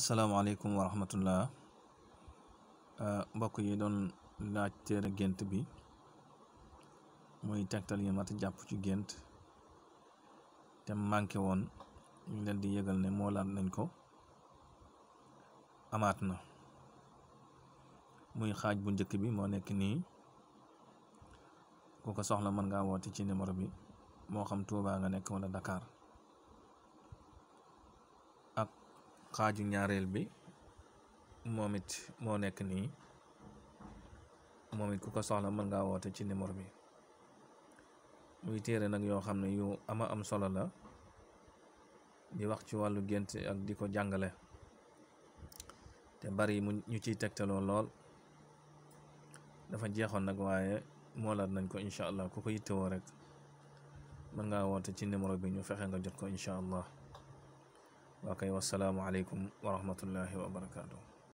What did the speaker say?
asalaamaaleykum wa rahmatullah ah, mbokk yi doon laaj téere gént bi muy tegtal yi mat jàpp ci gént te manqué woon ñu leen di yëgal ne moo laat nañ ko amaat na muy xaaj bu njëkk bi moo nekk nii ku ko soxla mën ngaa woote ci numéro bi moo xam Tuubaa nga nekk wala Dakar xaaju ñaareel bi moom it moo nekk nii moom it ku ko soxla mën ngaa woote ci numéro bi muy téere nag yoo xam ne yu ama am solo la di wax ci wàllu gént ak di ko jàngale te bari mu ñu ciy tegtaloo lool dafa jeexoon nag waaye moolaat nañ ko incha allah ku ko yittewoo rek mën ngaa woote ci numéro bi ñu fexe nga jot ko incha allah waa kay wasalaamualeykum wa rahmatullahi wa barakaatu.